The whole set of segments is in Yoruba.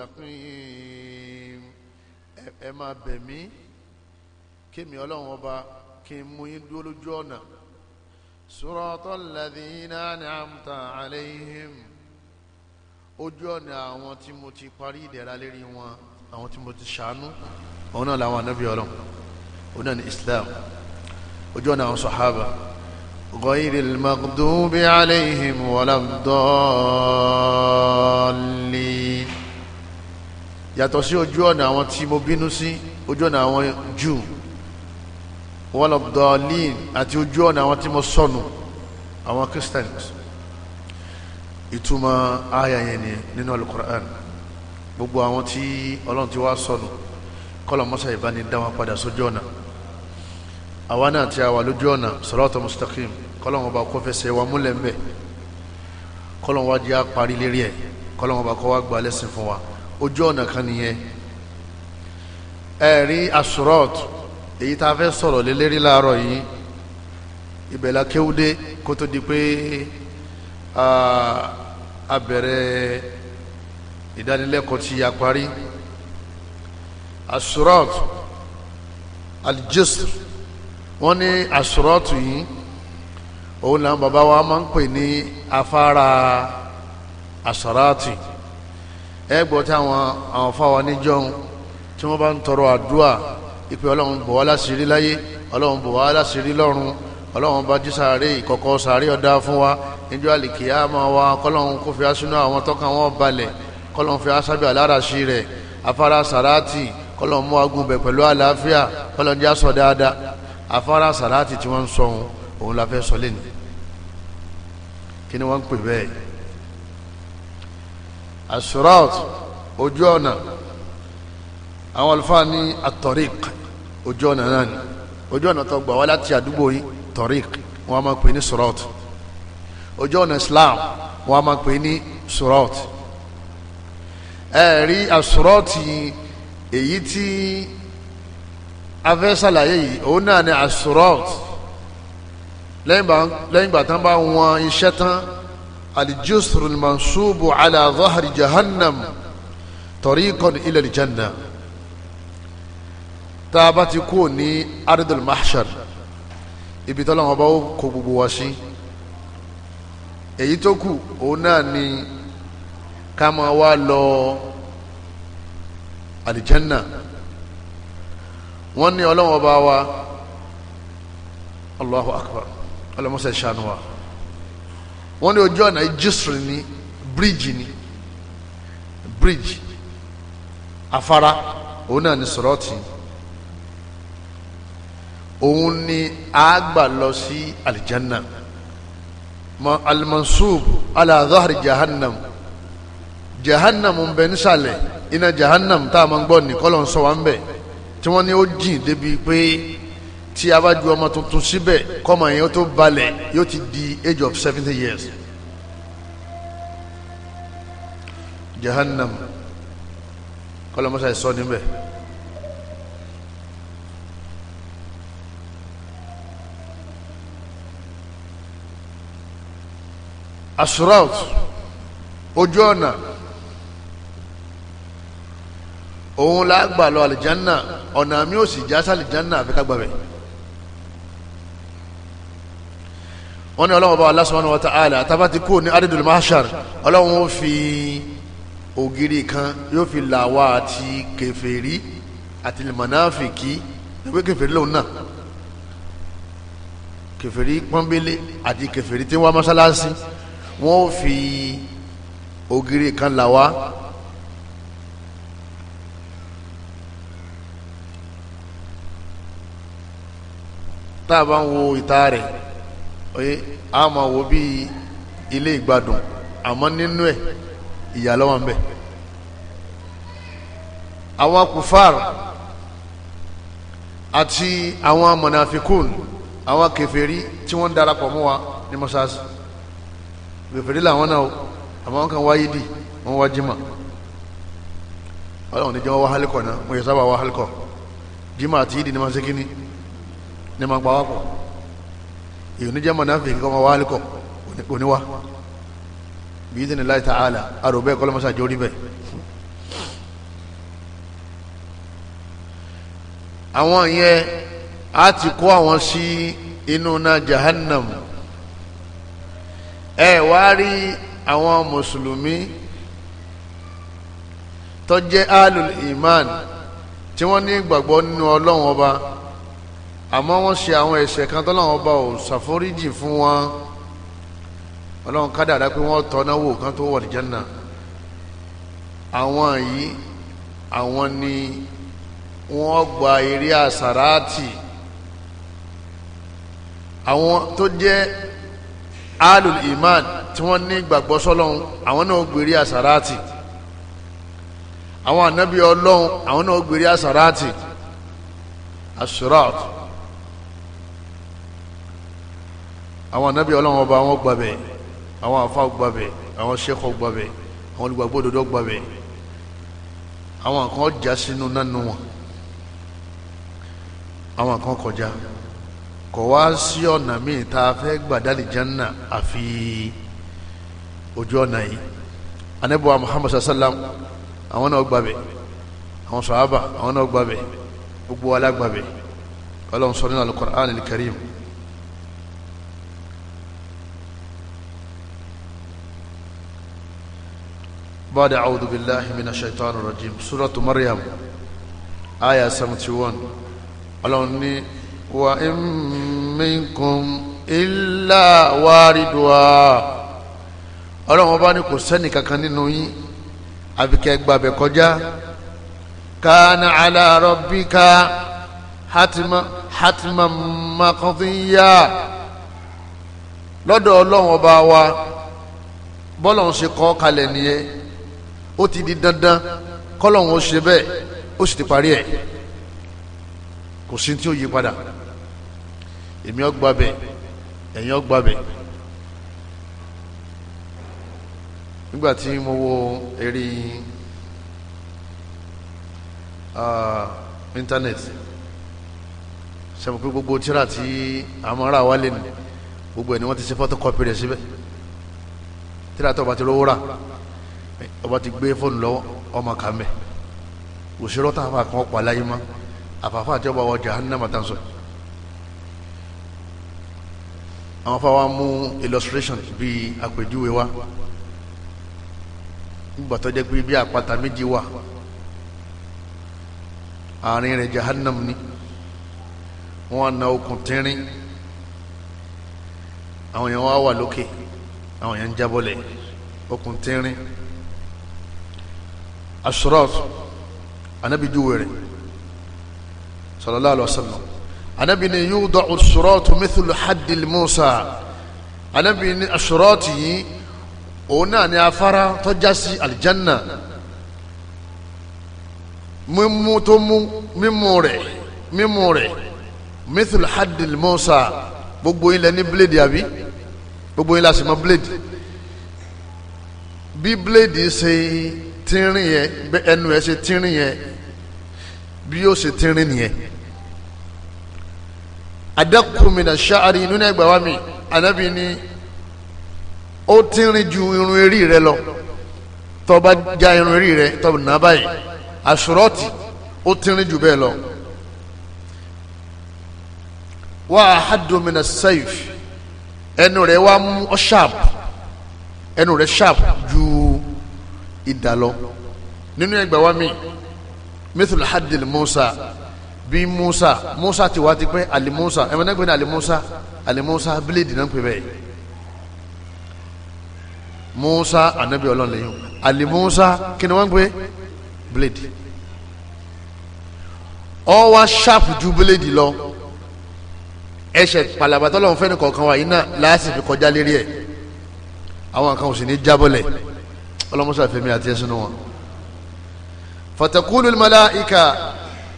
mustaqim ẹ máa bẹ̀ mí kémi ọlọ́run ọba kí n mú yín dúró lójú ọ̀nà suratal ladhina an'amta alayhim ojú ọ̀nà àwọn tí mo ti parí ìdẹ̀ra lérí wọn àwọn tí mo ti ṣàánú àwọn náà làwọn anábì ọlọ́run òun náà ní islam ojú ọ̀nà àwọn sàhábà ghayril maghdubi alayhim walad dallin yàtọ̀ sí ojú ọ̀nà àwọn tí mo bínú sí ojú ọ̀nà àwọn jù wọ́n lọ dọ̀ọ́lìn àti ojú ọ̀nà àwọn tí mo sọnù àwọn christians ìtumọ̀ àyà yẹn ni nínú alukur'an gbogbo àwọn tí ọlọ́run ti wá sọnù kọ́lọ̀ mọ́sá ìbáni dá wọn padà sójú ọ̀nà àwa náà ti àwà lójú ọ̀nà sọlọ́tà mustaqim kọ́lọ̀ wọn bá kó fẹsẹ̀ wa múlẹ̀ ń bẹ̀ kọ́lọ̀ wọn wá jẹ́ àparí lérí ẹ̀ kọ́lọ̀ wọn bá kọ́ wá gba lẹ́sìn fún wa ojú ọ̀nà kan nìyẹn ẹ̀rí asurọ́t èyí tá a fẹ́ sọ̀rọ̀ lé lérí láàárọ̀ yìí ìbẹ̀là kéwúdé kó tó di pé a bẹ̀rẹ̀ ìdánilẹ́kọ̀ọ́ tí a parí asurọ́t aljisr wọ́n ní asurọ́t yìí òun làwọn bàbá wa máa ń pè ní afárá asarati. As ẹ gbọ́ táwọn àwọn fáwọn níjọ́hún tí wọ́n bá ń tọrọ àdúrà ìpè ọlọ́run bò wá láṣìírí láyé ọlọ́run bò wá láṣìírí lọ́run ọlọ́run bá jí sàárè ìkọ̀kọ̀ sàárè ọ̀dá fún wa níjọ́ àlìkìyà máa wá kọ́lọ́run kó fi aṣínú àwọn tọ́ka wọn balẹ̀ kọ́lọ́run fi aṣábì aláraṣí rẹ̀ afárá sàráàtì kọ́lọ́run mú agun bẹ̀ pẹ̀lú àlàáfíà kọ́lọ́run já sọ dáadáa afárá sàráàtì tí wọ́n ń sọ òun òun la fẹ́ sọ lẹ́nu kí ni wọ́n ń pè bẹ́ẹ̀ asurat ojú ọ̀nà àwọn àlùfáà ní atọ́rík ojú ọ̀nà náà ni ojú ọ̀nà tó gbà wá láti àdúgbò yìí tọ́rík wọ́n á máa pè ní surat ojú ọ̀nà islam wọ́n á máa pè ní surat ẹ rí asurat èyí tí afẹ́ yìí òun náà ni asurat lẹ́yìn gbà tán bá wọn iṣẹ́ tán. الجسر المنصوب على ظهر جهنم طريق ila aljanna tá a bá ti kú ní ardul mahshar ibi tó lọ́wọ́ bá ó kó gbogbo wa sí èyí tó kù òun náà ni ká máa wá lọ alijanna wọ́n ní ọlọ́wọ́ bá wa allahu akbar ọlọ́mọṣẹ́ ṣàánú wa wọ́n ní ojú ọ̀nà jísìrì ni bíríìjì ni bíríìjì afárá òun náà ni sọ̀rọ̀tì òun ni àgbà lọ sí alìjánná alimansub alazahari jahannam jahannam ń bẹ nísàlẹ̀ iná jahannam tá a máa ń gbọ́ ní kọ́lọ̀ ń sọ wá ń bẹ̀ tí wọ́n ní ó jìn débi pé tí a bá ju ọmọ tuntun síbẹ̀ kọ́mọ yẹn ó tó balẹ̀ yóò ti di age of seventy years. jahannam kọlọmọsá ẹ sọ níbẹ̀. asuraut ojú ọ̀nà òun la gbà lọ àlìjánná ọ̀nà mi ò sì já sálìjánná àfi ká bẹ́ẹ̀. wọ́n ní ọlọ́run ọba Allah subhanahu wa ta'ala tábà ti kú ní adidul mahshar ọlọ́run ó fi ògiri kan yóò fi là wá àti kèfèrí àti mọ̀náfìkì ẹgbẹ́ kèfèrí lòun náà kèfèrí pọ́nbélé àti kèfèrí tí wọ́n mọ́sálásí wọ́n ó fi ògiri kan là tá a bá ń wo ìta rẹ̀ oye a máa wo bí ilé ìgbádùn àmọ́ nínú ẹ̀ ìyàlọ́wọ́ ń bẹ àwọn kùfàr àti àwọn mọ̀nàfikún àwọn kèfèrí tí wọ́n darapọ̀ mọ́ wa ní mọ́sáàsì kèfèrí làwọn náà àwọn kan wáyé dì wọ́n wá jimá ọlọ́run ní jẹ́ wọ́n wá náà wọ́n yẹ sábà wá jimá àti yídì ní ma ṣe kíní ní ma pa wá pọ̀ èyí ní jẹ́mọ̀ náà fi kíkọ́ máa wá alikọ̀ oníwá bí ìdíni láì ta'ala arò bẹ́ẹ̀ kọ́lọ́mọ́sá jórí bẹ́ẹ̀. àwọn yẹn a ti kó àwọn sí inú náà jahannam ẹ wá rí àwọn mùsùlùmí tó alul iman tí wọ́n ní ìgbàgbọ́ nínú ọlọ́run ọba àmọ́ wọ́n ṣe àwọn ẹ̀ṣẹ̀ kan tọ́lọ́run ọba ò ṣàforíjì fún wọn ọlọ́run kádàrá pé wọ́n tọ́ná wò kan tó wọ̀ ní Jánnà àwọn yìí àwọn ni wọ́n gba eré àsàràtì àwọn tó jẹ́ alul iman tí wọ́n ní gbàgbọ́ sọ́lọ́run àwọn náà gbèrè àsàràtì àwọn ànábì ọlọ́run àwọn náà gbèrè àsàràtì asrat. As àwọn anábì ọlọ́run ọba wọn gbàbẹ̀ àwọn àfa gbàbẹ̀ àwọn sẹ́kọ̀ gbàbẹ̀ àwọn olùgbàgbọ́ òdodo gbàbẹ̀ àwọn kan já sínú nánú wọn àwọn kan kọjá kọ̀ wá sí ọ̀nà míì tá a fẹ́ gbà dálì jánà àfi ojú ọ̀nà yìí anábì wa muhammad sallam àwọn náà gbàbẹ̀ àwọn sàhábà àwọn náà gbàbẹ̀ gbogbo alágbàbẹ̀ ọlọ́run sọ nínú al-Qur'an al بعد أعوذ بالله من الشيطان الرجيم سورة مريم آية 71 ألوني وإن منكم إلا واردها ọlọ́run ọba ní kò sẹ́ni kankan nínú yín àbíkẹ́ gbàbẹ̀ kọjá kana ala rabbika hatima hatima makọ́dúnyà lọ́dọ̀ ọlọ́run ọba wa bọ́lọ̀ ń ṣe kọ́ kalẹ̀ nìyẹn ó ti di dandan kọ́lọ́hún ó ṣe bẹ́ẹ̀ ó sì ti parí ẹ̀ kò sí tí ó yí padà èmi ó gbà ẹ̀yin ó gbà nígbà tí mo wo eré íńtánẹ́ẹ̀tì sẹ́mu pé gbogbo tíra tí àwọn ará wa lè nù gbogbo ẹ̀ ni wọ́n ti ṣe photocopy rẹ̀ síbẹ̀ tíra tó bá ti rówó rà ọba ti gbé fóònù lọ́wọ́ ọmọ kà mẹ́ òṣèrọ́ tá a fà kàn ọ́ pàlà yìí mọ́ àfàfà àti ọba ọjà hannama tá a sọ. àwọn afáwa mú illustration bíi àpèjúwe wa nígbà tó jẹ́ pé bí àpáta méjì wà àárín rẹ̀ jahannam ni wọ́n na okùn tínrín àwọn èèyàn wá wà lókè àwọn èèyàn ń jábọ́lẹ̀ okùn tínrín ashraf anabi juwere sallallahu alaihi wasallam anabi ni yudau ashraf mithlu haddil musa anabi ni ashraf yìí òun náà ni afárá tó já sí aljanna mímú tó mú mímú rẹ̀ mímú rẹ̀ mithlu musa gbogbo yín lẹ ní bíléèdì àbí gbogbo yín la sì mọ̀ bíléèdì bí bíléèdì ṣe tínrín yẹn ẹnu ẹ ṣe tínrín yẹn bí yóò ṣe tínrín nìyẹn adakumina ṣaari nínú ẹgbàá wa mi anabi ni ó tínrín ju irun eré rẹ lọ tó bá já irun eré rẹ tó nà báyìí àṣùrọ́ọ̀tì ó tínrín ju bẹ́ẹ̀ lọ. wà á hadumina saif ẹnu rẹ wà mú ọ ṣáàpù ẹnu rẹ ṣáàpù ju idà lọ nínú ẹgbàá wa mi mithul hadil musa bí musa musa ti wá ti pẹ́ alimusa ẹ̀mọ́ náà gbé ní alimusa alimusa bíléèdì náà ń pè bẹ́ẹ̀ musa anabi ọlọ́run lẹ́yìn alimusa kí ni wọ́n ń pè bíléèdì ọ wá ṣáàpù ju bíléèdì lọ ẹsẹ̀ palabatọ́lọ́run fẹ́ni kọ̀ọ̀kan wa yìí náà fi kọjá lérí ẹ̀ àwọn kan ò sì ní jábọ́lẹ̀ ọlọ́mọṣà fẹ́mi àti ẹ̀sìn wọn. fatakulu malaika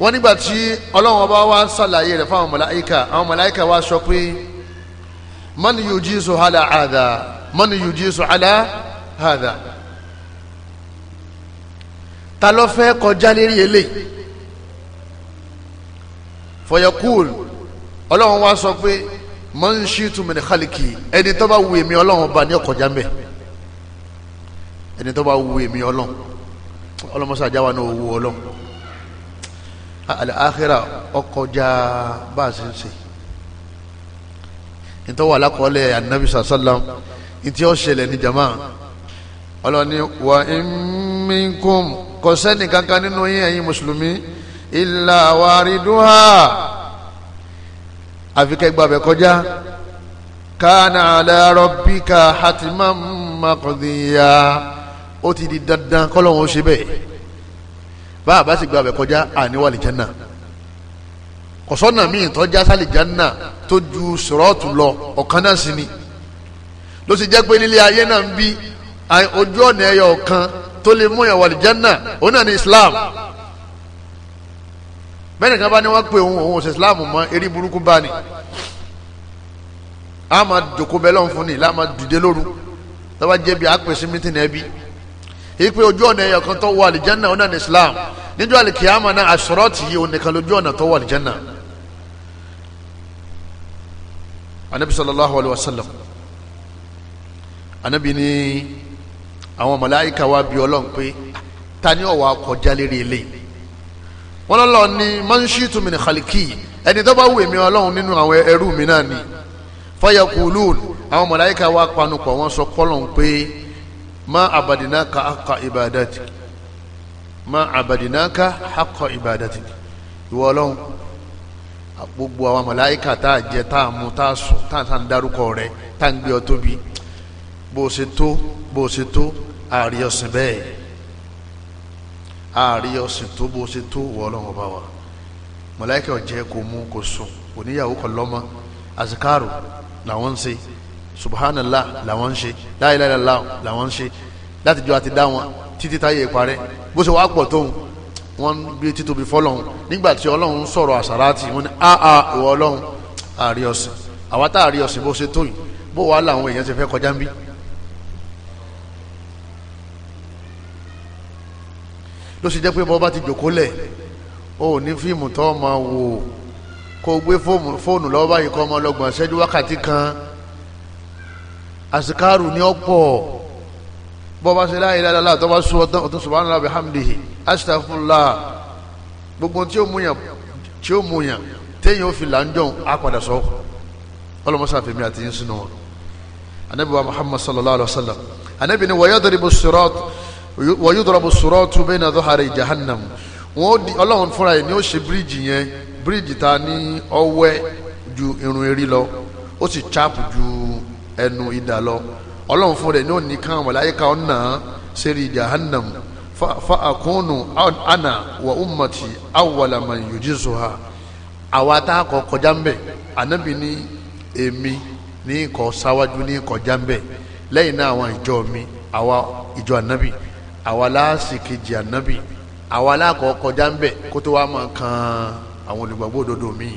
wọn nígbà tí ọlọ́wọ́n bá wá sàlàyé rẹ̀ fáwọn malaika àwọn malaika wá sọ pé man yujisu ala hadha man yujisu ala hadha ta ló fẹ́ kọjá lérí eléyìí fọyọkúl ọlọ́run wá sọ pé man shitu min khaliki ẹni tó bá wù mí ọlọ́run bá ní ọkọjá mẹ́ẹ̀ ẹni tó bá wu èmi ọlọ́n ọlọ́mọsá jáwa náà owó ọlọ́n àlàáhírà ọkọjá bá a ṣe ń ṣe ìtọ́wà alákọọ́lẹ̀ anabi sàṣálàm ìtí ó ṣẹlẹ̀ ní jama ọlọ́ni wà mínkùm kò sẹ́ni kankan nínú yín ẹ̀yin mùsùlùmí ìlà wàrídùhà àfikẹ́gbàbẹ̀ kọjá kánà ala rabbika hatiman maqdiya ó ti di dandan kọ́lọ́hún ó ṣe bẹ́ẹ̀ bá a bá sì gba abẹ kọjá àníwá lè jẹ́nà kọ̀sọ́nà míì tọ́já sálì jẹ́nà tó ju sọ̀rọ́ọ̀tù lọ ọ̀kan náà sì ni ló sì jẹ́ pé nílé ayé náà ń bí ojú ọ̀nà ẹ̀yọ̀ ọ̀kan tó lè mú ìyàwó àlìjẹ́nà òun náà ní Islam bẹ́ẹ̀ nìkan bá ní wọ́n pe òun òun ṣe Islam mọ́ eré burúkú bá ní a máa dòkó fún ni ìlà dìde lóru tọ́ba jẹ́ bí apèsè mítìnì ẹbí kì í pé ojú ọ̀nà ẹ̀yọ̀ kan tó wọ àlìjánà ọ̀nà ní Islam níjọ́ àlìkìyàmà náà àṣọrọ́ọ̀tì yìí onìkan lójú ọ̀nà tó wọ àlìjánà. anabi sallallahu alayhi wa sallam anabi ni àwọn màláíkà wa bí ọlọ́run pé ta ni ọ̀wà kọjá lérí eléyìí wọ́n lọ́lọ́ ni manshitu min khaliki ẹni tó bá wù mí ọlọ́run nínú àwọn ẹrú mi náà ni fayakulun àwọn màláíkà wa panupọ̀ wọ́n sọ kọ́lọ́n ما عبدناك حق ibadati ما عبدناك حق ibadati ìwọ ọlọ́run gbogbo àwọn màláíkà tá a jẹ tá a mu tá a sùn tá a ń darúkọ rẹ tá a ń gbé ọ tóbi bó o ṣe tó bó o ṣe tó àárí ọ̀sìn bẹ́ẹ̀ àárí ọ̀sìn tó bó o ṣe tó ìwọ ọlọ́run ọba wa màláíkà ọ̀jẹ́ kò mú kò sùn kò níyàwó kò lọ́mọ àsìkáàrò làwọn ń ṣe subhanallah làwọn ń ṣe la ilaha illallah làwọn ń ṣe láti jọ àti dá wọn títí táyé parẹ́ bó ṣe wàá pọ̀ tóun wọ́n ń gbé títóbi fọlọ́hún nígbà tí ọlọ́run sọ̀rọ̀ àsàràtì wọ́n ní àà ìwọ ọlọ́run àrí ọ̀sìn àwa tá àrí ọ̀sìn bó ṣe tó yìí bó wàá làwọn èèyàn ti fẹ́ kọjá ń bí. ló sì jẹ́ pé bọ́ bá ti jòkó lẹ̀ o ò ní fíìmù tó máa wò kó o gbé fóònù lọ́wọ́ báyìí kọ́ ọmọ ọlọ́gbọ̀n ṣẹ́jú wákàtí kan àsìkáàrù ní ọ̀pọ̀ bọ́ba ṣe láàyè dáadáa tó bá sọ ọtún subhanallah bihamdihi astaghfirullah gbogbo tí ó múyàn tí ó múyàn téèyàn ó fi làǹjọ́ á padà sọ ọlọ́mọṣà fèmí àti yín sínú wọn anabi wa muhammad sallallahu alaihi wa sallam anabi ni wayadribu sirat wayudrabu siratu bayna dhuhari jahannam wọn ọlọ́run fúnra yìí ni ó ṣe bíríìjì yẹn bíríìjì ta ní ọwẹ́ ju irun erí lọ ó sì chapu ju ẹnu idà lọ ọlọ́run fún rẹ̀ ní òní kan màláíkà ọ̀nà sẹ́rí jahannam fa àkóónù ana wa ummati awwala man yujizuha àwa tá a kọ kọjá ń bẹ̀ ni ní èmi ní kọ sáwájú ní kọjá ń bẹ̀ lẹ́yìn náà àwọn ìjọ mi àwa ìjọ ànábì àwa láàsì kejì ànábì àwa láàkọ kọjá ń bẹ̀ kó máa kan àwọn olùgbàgbọ́ òdodo míì.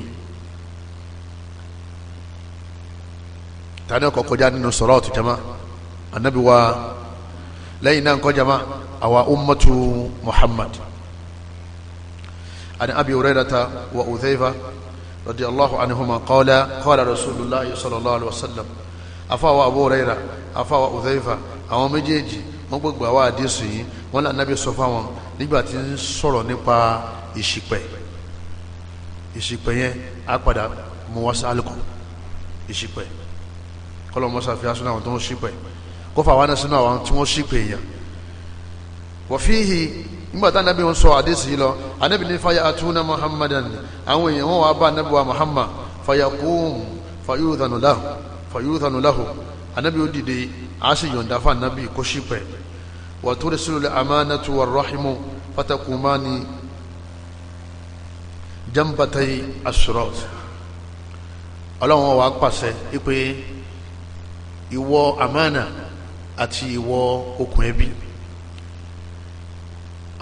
tani ọkọ̀ kọjá nínú sọ̀rọ̀tù jama anabi wa lẹ́yìn náà nkọ́ jama àwa ummatu muhammad ani abi hurairata wa udhaifa radiyallahu anhuma qala qala rasulillah sallallahu alaihi wa sallam afa wa abu huraira afa wa udhaifa àwọn méjèèjì wọ́n gbogbo àwa àdísù yìí wọ́n lé anabi sọ fáwọn nígbà tí ń sọ̀rọ̀ nípa ìṣìpẹ̀ ìṣìpẹ̀ yẹn á padà mú wá kọ́lọ́ mọ́sá fi asúnà àwọn tó ń ṣìpẹ̀ kó fà wọn sínú àwọn tí wọ́n ṣìpẹ̀ èèyàn wọ́n fi hì nígbà tá sọ àdéhùn yìí lọ anabi ní fàyà àtúnà muhammadan àwọn èèyàn wọn wà bá anabi wa muhammad fàyà kúùn fàyúdhanu lahu anabi ó dìde àá sì yọ̀ǹda fún anabi kó ṣìpẹ̀ wà tó lè sílùú amánatu wà rọ́ọ̀hìmù fatakumani jambatai asrọ́t ọlọ́run wa pàṣẹ ipe ìwọ amánà àti ìwọ okùn ẹbí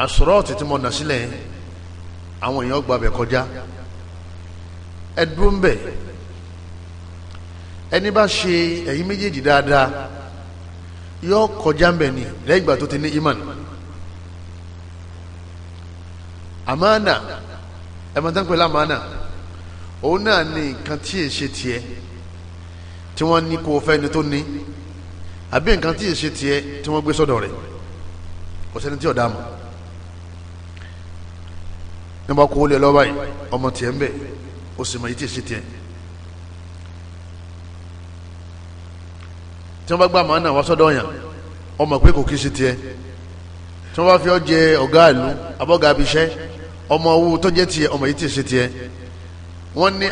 àsọ̀rọ̀ títí mọ̀ nà sílẹ̀ àwọn èèyàn gba bẹ̀ kọjá ẹdúró ń bẹ̀ ẹni bá ṣe ẹ̀yìn méjèèjì dáadáa yọ kọjá ń bẹ̀ ni lẹ́yìn ìgbà tó ti ní imán amánà ẹ̀mọ́tán pẹ̀lú amánà òun náà ní nǹkan tí èè ṣe tiẹ̀. tí wọ́n ní kó o ni tó ní àbí nǹkan tí ìṣe tiẹ̀ tí wọ́n gbé sọ́dọ̀ rẹ̀ kò sẹ́ni tí ọ̀dà mọ̀ nígbà kó o ọmọ tiẹ̀ ń bẹ̀ o sì mọ̀ yìí tí ṣe tiẹ̀ tí wọ́n bá gbà ọmọ pé kò kí ṣe tiẹ̀ tí wọ́n bá fi ọ́ jẹ ọ̀gá ọmọ owó ọmọ tí tiẹ̀ wọ́n ní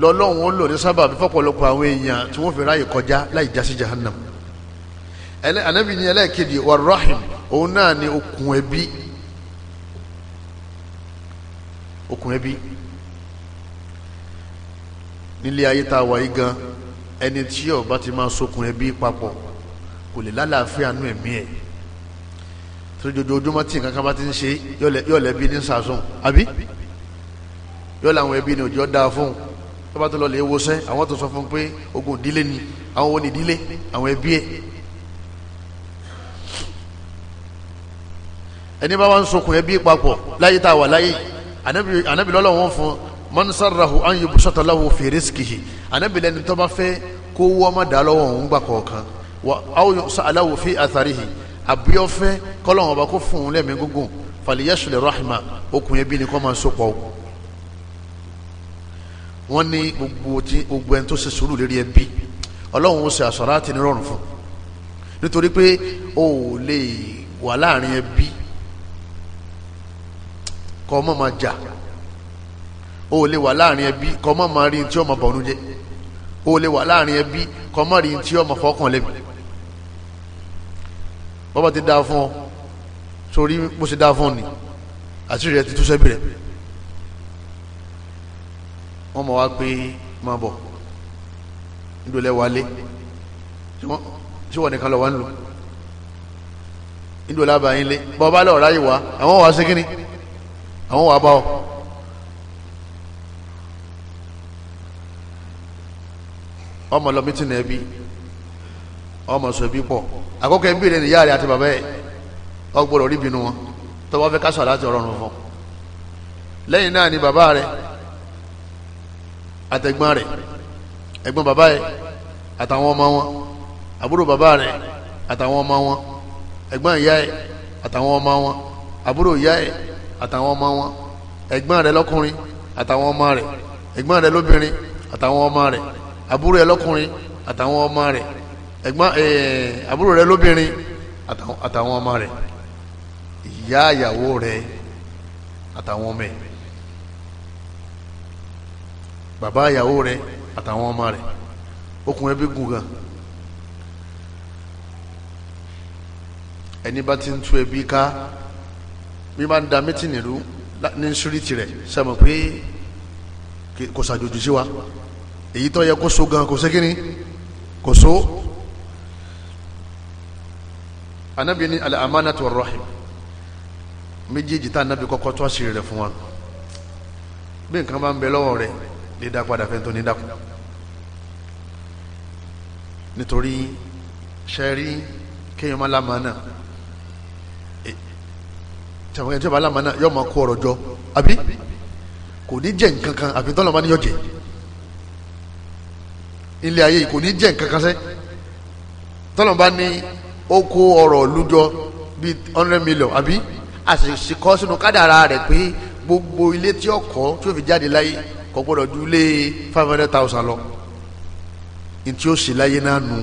lọ́lọ́run ó lò ní sábà bí fọ́pọ̀lọpọ̀ àwọn èèyàn tí wọ́n fi ráyè kọjá láì já sí jahannam anabi ní ẹlẹ́ẹ̀kejì warahim òun náà ni okùn ẹbí okùn ẹbí nílé ayé tá a wà yí gan ẹni tí ó bá ti máa sokùn ẹbí papọ̀ kò lè lálàáfíà nú ẹ̀mí ẹ̀ torí ojoojúmọ́ tí nǹkan bá ti ń ṣe yọ̀lẹ́bí ní sàásùn àbí yọ̀lẹ́ àwọn ẹbí ni òjò dáa fún un tó bá tó lọ lè wọṣẹ́ àwọn tó sọ fún pé ogun ìdílé ni àwọn wo ni ìdílé àwọn ẹbí ẹ̀ ẹni bá wà ń sokùn ẹbí papọ̀ láyé tá a wà láyé ànábì lọ́lọ́ wọn fún mọ́nsáràhù ányé bùsọ̀tàláwò fèrè sìkìhì ànábì lẹ́ni tó bá fẹ́ kó wọ́ ọmọ dà lọ́wọ́ òun gbà kọ̀ọ̀kan wà áwòyàn sàláwò fi àtàríhì àbíọ́fẹ́ kọ́lọ́wọ́n ọba kó fún un lẹ́mìí gúngùn fàlìyẹ́sùlẹ̀ rahma okùn ẹbí ni kọ́ máa sopọ̀ okùn wọ́n ní gbogbo tí gbogbo ẹni tó ṣe sùúrù lérí ẹbí ọlọ́run ó ṣe àṣọra àti nírọ̀rùn fún nítorí pé o ò lè wà láàrin ẹbí kọ́ ọmọ máa jà o ò lè wà láàrin ẹbí kọ́ ọmọ máa rí tí ọmọ bọ̀ọ̀nù jẹ o ò lè wà láàrin ẹbí kọ́ ọmọ rí tí ọmọ fọkàn lẹ́bi bọ́bá ti dáa fún ọ sórí bó ṣe dáa fún ọ ni àti rẹ ti túṣẹ́bí rẹ wọ́n mọ̀ wá pé máa bọ̀ nídòlẹ́ wálé tí wọ́n nìkan lọ wá ń lò nídòlẹ́ àbáyín lé bọ́ bá lọ ráyè wá àwọn wà sí kíni àwọn wà bá ọ. ọmọ lọ mítí nà ẹbí ọmọ sọ ẹbí pọ̀ àkókò ẹbí rẹ nìyá rẹ àti bàbá ẹ ọgbọ́dọ̀ rí bínú wọn tọ́wọ́ fẹ́ ká sọ àláti ọ̀rọ̀ fún lẹ́yìn náà ni bàbá rẹ àtẹ̀gbọ́n rẹ̀ ẹ̀gbọ́n bàbá rẹ̀ àtàwọn ọmọ wọn àbúrò bàbá rẹ̀ àtàwọn ọmọ wọn ẹ̀gbọ́n ìyá ẹ̀ àtàwọn ọmọ wọn àbúrò ìyá ẹ̀ àtàwọn ọmọ wọn ẹ̀gbọ́n rẹ̀ lọ́kùnrin àtàwọn ọmọ rẹ̀ ẹ̀gbọ́n rẹ̀ lóbìnrin àtàwọn ọmọ rẹ̀ àbúrò ẹ̀ lọ́kùnrin àtàwọn ọmọ rẹ̀ ẹ̀gbọ́n àbúrò rẹ̀ lóbìnrin àtàwọn ọmọ rẹ̀ ìyá ìyàwó rẹ̀ àtàwọn ọmọ rẹ̀ bàbá ìyàwó rẹ àtàwọn ọmọ rẹ okùn ẹbí gùn gan ẹni bá ti ń tú ẹbí ká bí máa ń da mítìnì rú ní ṣúrìtì rẹ sẹmọ pé kò ṣàjòjì sí wa èyí tó yẹ kó so gan kò sékìní kò so anabi ni al-amanatu war-rahim méjèèjì tá anabi kọ́kọ́ tó àṣírí rẹ fún wa bí nǹkan bá ń bẹ lọ́wọ́ rẹ dídá padà fẹ́ tó ní dákun nítorí ṣẹ́rí kéèyàn má lámà náà e, tẹ̀wọ̀n ẹ̀jẹ̀ bá lámà náà yọ máa kó ọ̀rọ̀ jọ àbí kò ní jẹ́ nǹkan kan àfi tọ́lọ̀ máa ní yọ jẹ́ ilé ayé kò ní jẹ́ nǹkan kan sẹ́ tọ́lọ̀ bá ní ó kó ọ̀rọ̀ lújọ bíi hundred million àbí àṣìṣe kọ́ sínú kádàrá rẹ̀ pé gbogbo ilé tí ó kọ́ tí ó fi jáde láyé kò gbọ́dọ̀ five hundred thousand lọ ntí ó sì láyé náà nù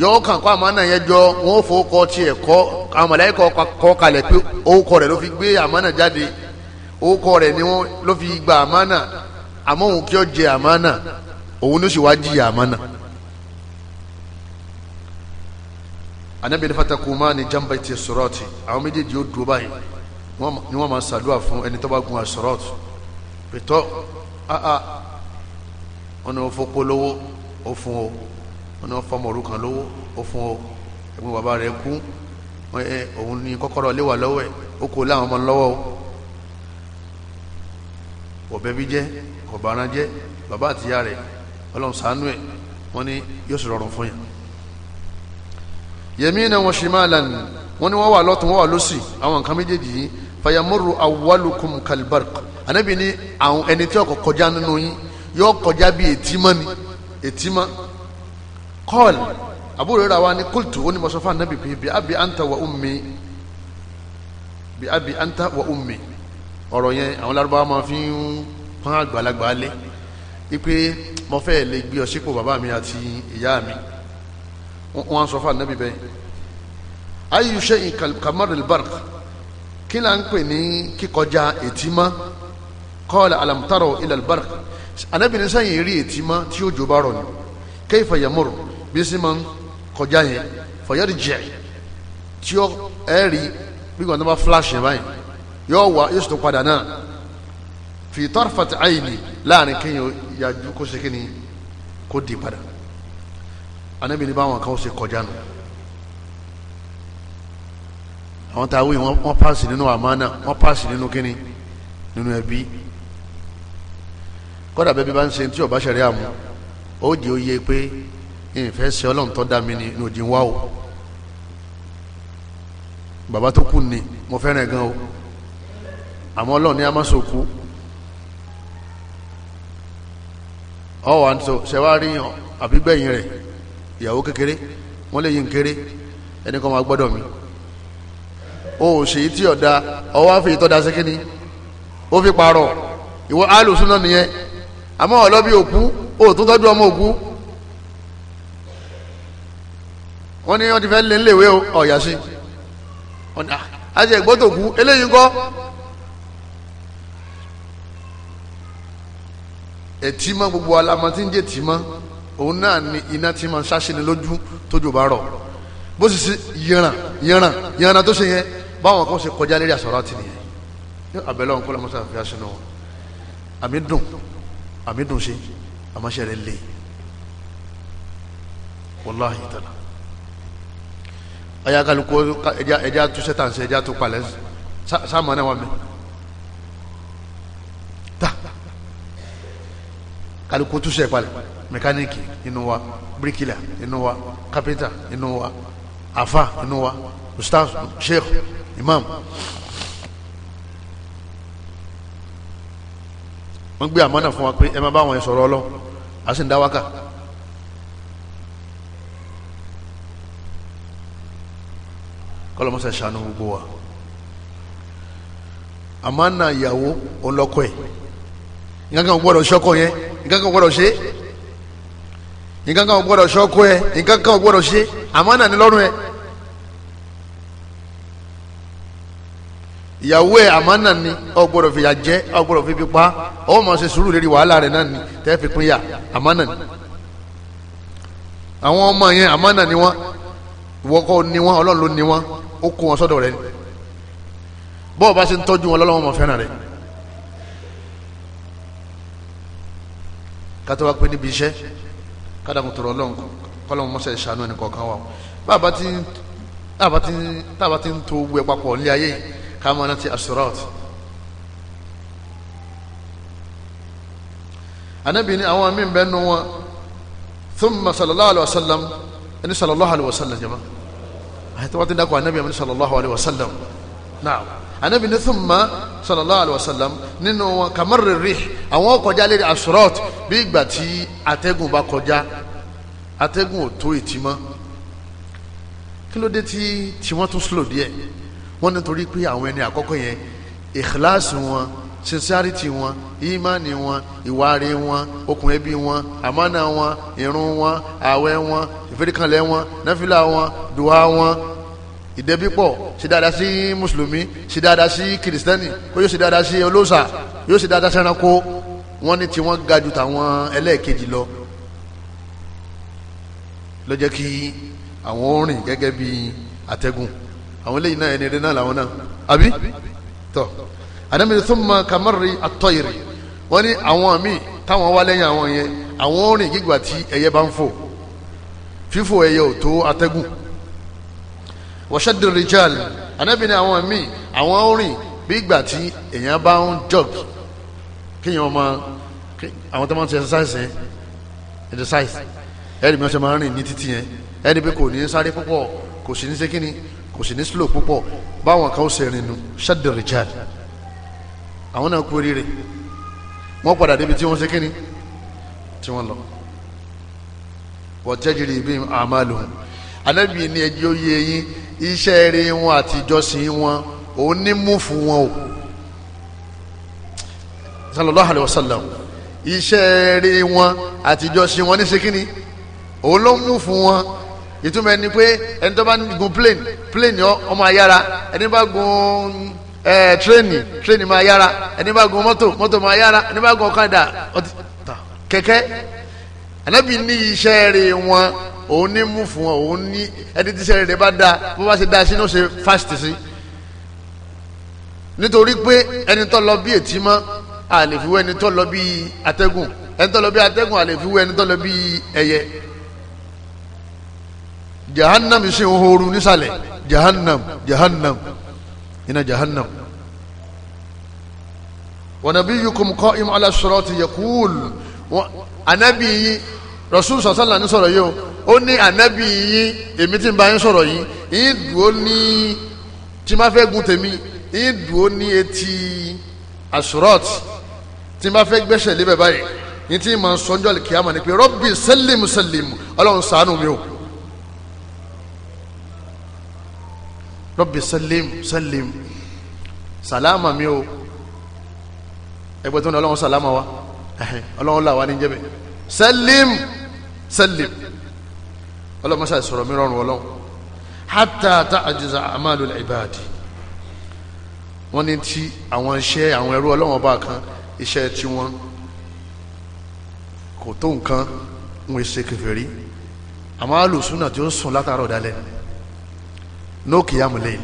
yọ̀ọ́ kàn kó àmánà yẹn jọ wọn ò fowó kọ́ tiẹ̀ kọ́ àwọn mọ̀lẹ́yìn kọ́ kalẹ̀ pé orúkọ rẹ̀ ló fi gbé àmánà jáde orúkọ rẹ̀ ni wọ́n ló gba àmánà àmọ́ kí ó jẹ àmánà òun ló sì wá jìyà àmánà. anabi nifata kuma ni jamba ti sorɔti àwọn méjèèjì yóò dúró báyìí ni wọn máa ṣàdúrà fún ẹni tó bá gun àsorɔti pẹ̀tọ́ aa ah, ah. wọn ni wọn fọpọ lówó ó fún o wọn ni wọn fọmọ òrukàn lówó ó fún o ẹ̀gbọ́n bàbá rẹ̀ kú ẹ òun ni kọ́kọ́rọ́ léwà lọ́wọ́ ẹ̀ ó kó láwọn ọmọ lọ́wọ́ o ọ̀bẹ bí jẹ́ ọ̀bàrà jẹ́ bàbá àtìyá rẹ̀ ọlọ́run ṣàánú ẹ̀ wọ́n ní yóò sì rọrùn fún yẹn yaminan wa shimalan wọ́n ní wọ́n wà lọ́tún wọ́n wà lọ́sì àwọn nǹkan méjèèjì yìí fayamurru awwalukum kalbarq anabi ni àwọn ẹni tí ọkọ kọjá nínú yín yóò kọjá bí ètímọ ni ètímọ kọọlì àbúrò rẹ wa ni kultu ó ní mo sọ fún anabi pé bí abi anta wa ummi bí abi anta wa ummi ọ̀rọ̀ yẹn àwọn Lárúbáwá máa fi ń pọn àgbàlagbà lé ipe mo fẹ́ lè gbé ọ sípò bàbá mi àti ìyá mi wọ́n sọ fún anabi bẹ́ẹ̀ ayu shay'in kamaril barq kí là ń pè ní kíkọjá ètímọ́ kọ́ọ̀lá alamtaro ilẹ̀ albark anabi ní sẹ́yìn rí ètí mọ́ tí ó jọba rọ̀ ni kayfa yamur bí sí máa ń kọjá yẹn fọyọ́rì jẹ́ tí ó ẹ̀rí bí wọn bá flash yẹn báyìí yóò wá yóò sì tó padà náà fi tarfat ayni láàrin kéèyàn yájú kó ṣe kíni kó di padà anabi báwọn kan ṣe kọjá nù àwọn tá wọn paasi nínú àmánà wọn paasi nínú kíni nínú ẹbí kódà bẹ́ẹ̀ bí bá ń ṣe tí ọba ṣẹ̀rí àmú ó di oyè pé ìfẹ́ ṣe ọlọ́run tó dá mi ni ní òdì wá o bàbá tó kù ni mo fẹ́ràn gan o àmọ́ ọlọ́run ní a máa sòkú ọ wà ní sọ ṣẹwárí àbígbẹ̀yìn rẹ̀ ìyàwó kékeré wọ́n lè yí nkéré ẹni kan máa gbọ́dọ̀ mi o ò ṣèyí tí ọ̀dà ọwọ́ àfẹ́yìí tọ́ da sí ó fi parọ́ ìwọ alùsùn náà nìyẹn àmọ́ ọlọ́bí òkú ó tún tọ́jú ọmọ òkú wọ́n ní wọ́n ti fẹ́ lé níléèwé ọ̀yà sí ọ̀nà àti ah, ẹ̀gbọ́n tó kú eléyìí kọ́ ẹ̀tí mọ́ gbogbo alamọ tí ń jẹ́ tì mọ́ òun náà ni iná tí máa ń ṣáṣeni lójú tójú bá rọ̀ bó sì sí yẹran yẹran yẹran tó ṣe yẹn báwọn kan ṣe kọjá lérí àsọ̀rọ̀ àti nìyẹn abẹ́lẹ́ wọn kọ́ fi aṣọ náà àmì dùn àmì dùn ṣe àmọ́ṣẹ́ rẹ̀ lè wàláhì tàlà ayé akaluko ẹja tó sẹ́tàǹsẹ̀ ẹja tó palẹ̀ sáàmù náà wà mí ta kaluko tó sẹ́ palẹ̀ mẹkáníìkì inú wa bíríkìlà inú wa kápẹ́ntà inú wa afa inú wa ustaz sheikh imam. wọ́n gbé àmọ́nà fún wa pé ẹ máa bá àwọn sọ̀rọ̀ ọlọ́run a sì ń dá wákà kọlọmọsẹ ṣàánú gbogbo wa àmọ́nà ìyàwó ọlọ́kọ ẹ̀ nǹkan kan gbọ́dọ̀ ṣọ́kọ yẹn nǹkan kan gbọ́dọ̀ ṣe nǹkan kan gbọ́dọ̀ ṣọ́kọ ẹ̀ nǹkan kan gbọ́dọ̀ ṣe àmọ́nà ni lọ́rùn ẹ̀. ìyàwó ẹ àmánà ni ọgbọ́dọ̀ fìyà jẹ ọgbọ́dọ̀ fi fi pa ọwọ́ máa ṣe sùúrù lérí wàhálà rẹ̀ náà ni tẹ́ fi pín yà àmánà ni àwọn ọmọ yẹn àmánà ni wọn ìwọ́kọ́ ni wọn ọlọ́run ló ni wọn ó kó wọn sọ́dọ̀ rẹ̀ ni bọ́ọ̀ bá ṣe ń tọ́jú wọn lọ́lọ́wọ́ máa fẹ́ràn rẹ̀ kátó wá pé níbi iṣẹ́ kádàmú tọrọ ọlọ́run kọ́lọ́mù ká máa rántí asurat anabi ni àwọn míì bẹ́ẹ̀ nu wọn thumma sallallahu alayhi wa sallam ẹni sallallahu alayhi wa sallam jama àti wọ́n ti dákọ̀ anabi ẹni sallallahu alayhi wa sallam naam anabi ni thumma sallallahu alayhi wa sallam nínú wọn kamarri rih àwọn kọjá lérí asurat bí ìgbà tí atẹ́gùn bá kọjá atẹ́gùn ò tó ìtì mọ́ kí ló dé slow díẹ̀ wọ́n nítorí pé àwọn ẹni àkọ́kọ́ yẹn ìkíláàsì wọn sincerity wọn ìmánì wọn ìwárí wọn okùn ẹbí wọn àmánà wọn irun wọn ààwẹ̀ wọn ìfẹ́ríkànlẹ̀ wọn náfìlà wọn dùhà wọn ìdẹ́bípọ̀ ṣe dáadáa sí mùsùlùmí ṣe dáadáa sí kìrìsìtẹ́nì ó yóò ṣe dáadáa sí olóòṣà yóò ṣe dáadáa sí ẹranko wọ́n ní tiwọn ga ju tàwọn ẹlẹ́ẹ̀kejì lọ ló jẹ́ kí àwọn ó rìn gẹ́gẹ́ bí atẹ́gùn àwọn eléyìí náà ẹni rẹ náà làwọn náà àbí tọ àdàmì thumma kamari at-tayri wọ́n ní àwọn míì táwọn wá lẹ́yìn àwọn yẹn àwọn orin gígbà tí ẹyẹ bá ń fò fífò ẹyẹ ò tó atẹ́gùn wa shaddi rijal anábìíní àwọn míì àwọn orin bí ìgbà tí èèyàn bá ń jog kéèyàn ọmọ àwọn tó máa ń ṣe exercise yẹn exercise mi ọ̀sẹ̀ máa ń rìn ní títì yẹn ẹ̀ẹ́dì pé kò ní sáré púpọ̀ kò sì ní ṣe kò sì ní slow púpọ̀ báwọn kan ó ṣe rìn nu ṣáàdì rìjáde àwọn náà kú oríire wọ́n padà débi tí wọ́n ṣe kíni tí wọ́n lọ wọ́tẹ́jìrì bí àmàlù anábì ní ẹjẹ́ oyè yín iṣẹ́ rere wọn àti ìjọsìn wọn òun ní mú fún wọn o sallallahu alayhi wa sallam iṣẹ́ rere wọn àti ìjọsìn wọn ní ṣe kíni òun ló mú fún wọn ìtumọ̀ ẹni pé ẹni tó bá gun plane plane ọmọ ayára ẹni bá gun ẹ tírẹ́nì tírẹ́nì máa yára ẹni bá gun mọ́tò mọ́tò máa yára ẹni bá gun ọ̀kadà kẹ̀kẹ́ ànábì ní iṣẹ́ rẹ̀ wọn òun ní mú fún wọn òun ní ẹni tí iṣẹ́ rẹ̀ bá da bó bá ṣe da sí ní ó ṣe fast sí nítorí pé ẹni tó lọ bí ètí mọ́ àlè fi wẹ́ ẹni tó lọ bí atẹ́gùn ẹni tó lọ bí atẹ́gùn àlè fi wẹ́ ẹni tó lọ bí ẹyẹ jahannam sì ń horun nísàlẹ̀ jahannam jahannam iná jahannam wa nabiyyukum qa'imun ala sirati yaqul anabi yìí rasul sọ̀sánlá ní sọ̀rọ̀ yìí ó ní anabi yìí èmi tí ń bá yín sọ̀rọ̀ yìí yìí dùn ó ní tí má fẹ́ gun tèmi yìí dùn ó ní etí asurọ́t tí má fẹ́ gbẹ́sẹ̀ lébẹ̀ báyìí yìí tí mà ń ni pé rọ́bì sẹ́lẹ̀mù sẹ́lẹ̀mù ọlọ́run ṣàánú mi o. Rabbi sallim sallim salama mi o ẹgbẹ́ tó ní ọlọ́run salama wa ọlọ́run là wà ní jẹ́bẹ̀ sallim sallim ọlọ́run mọ́sá ìsọ̀rọ̀ mi rọrùn ọlọ́run hatta ta'jiza amalul ibadi wọ́n ní tí àwọn iṣẹ́ àwọn ẹrú ọlọ́run ọba kan iṣẹ́ tí wọ́n kò tó nǹkan ń ṣe kèfèrí àmọ́ àlùsùn náà tí ó sùn látàárọ̀ dalẹ́ ni no kìyàmù lẹ́yìn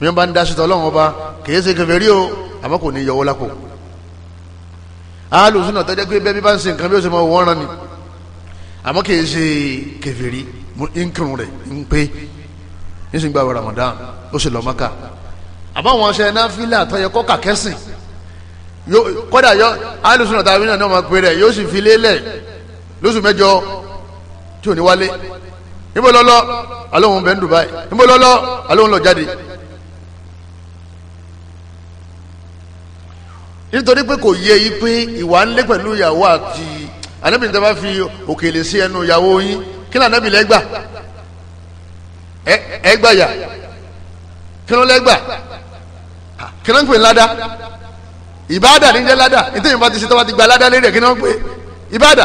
bí wọ́n bá ń daṣọ tọ́lọ́wọ́n ọba kìí ṣe kèfèrí o àmọ́ kò ní yọwọ́ lápò alùsùn náà tọ́jú pé bẹ́ẹ̀ bí bá ń ṣe nǹkan bí ó ṣe máa wọ́n rán ni àmọ́ kìí ṣe kèfèrí nkírun rẹ̀ ń pé nísìnyí gba Ramadan ó sì lọ Maka àbáwọn ọṣẹ náfìlà tọyẹ kọ́kà kẹsìn kọ́dà yọ alùsùn náà tàbí náà náà máa pè rẹ̀ yóò sì fi lélẹ̀ lóṣù mẹ́jọ tí ò ní wálé níbo lọ́lọ́ alóhùn bẹ́ẹ̀ ń Dubai níbo lọ́lọ́ alóhùn lọ jáde. nítorí pé kò yẹ yí pé ìwà ń lé pẹ̀lú ìyàwó àti anábì níta bá fi òkèlè sí ẹnu ìyàwó yín kí ni anábì lẹ́gbà ẹ gbà yà kí ló lẹ́gbà kí ló ń pè ládàá ìbáàdà níjẹ́ ládàá nítorí bá ti ṣe tó bá ti gba ládàá lérè kí ló ń pè ìbáàdà